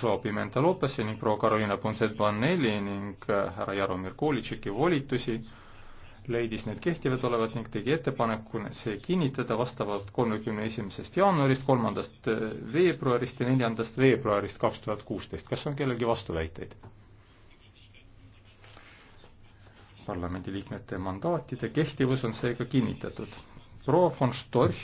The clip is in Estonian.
proua Pimenta Lopese ning proua Karolina Ponset-Vanelli ning äh, härra Jaromir Kolitšeki volitusi, leidis need kehtivad olevat ning tegi ettepaneku see kinnitada vastavalt kolmekümne esimesest jaanuarist, kolmandast äh, veebruarist ja neljandast veebruarist kaks tuhat kuusteist. kas on kellelgi vastuväiteid? parlamendiliikmete mandaatide kehtivus on seega kinnitatud. proua von Storch